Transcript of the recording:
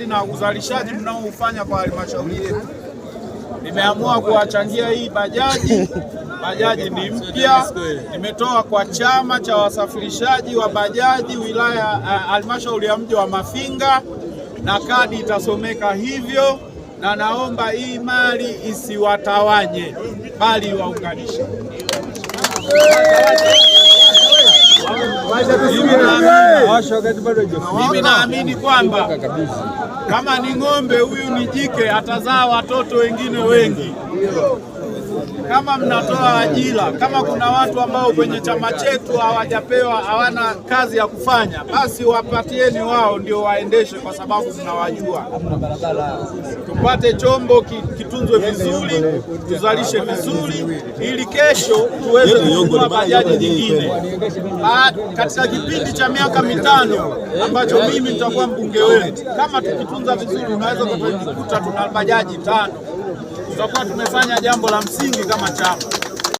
serikali na uzalishaji mnaoufanya kwa halmashauri yetu. Nimeamua kuwachangia hii bajaji. Bajaji ni mpya, nimetoa kwa chama cha wasafirishaji wa bajaji wilaya halmashauri ya mji wa Mafinga, na kadi itasomeka hivyo, na naomba hii mali isiwatawanye, bali iwaunganishe. Mimi naamini kwamba kama ni ng'ombe huyu ni jike, atazaa watoto wengine wengi kama mnatoa ajira, kama kuna watu ambao kwenye chama chetu hawajapewa, hawana kazi ya kufanya, basi wapatieni wao ndio waendeshe, kwa sababu mnawajua. Tupate chombo kitunzwe vizuri, tuzalishe vizuri, ili kesho tuweze kununua bajaji nyingine. Ah, katika kipindi cha miaka mitano ambacho mimi nitakuwa mbunge wenu, kama tukitunza vizuri, unaweza kukuta tuna bajaji tano tutakuwa tumefanya jambo la msingi kama chama.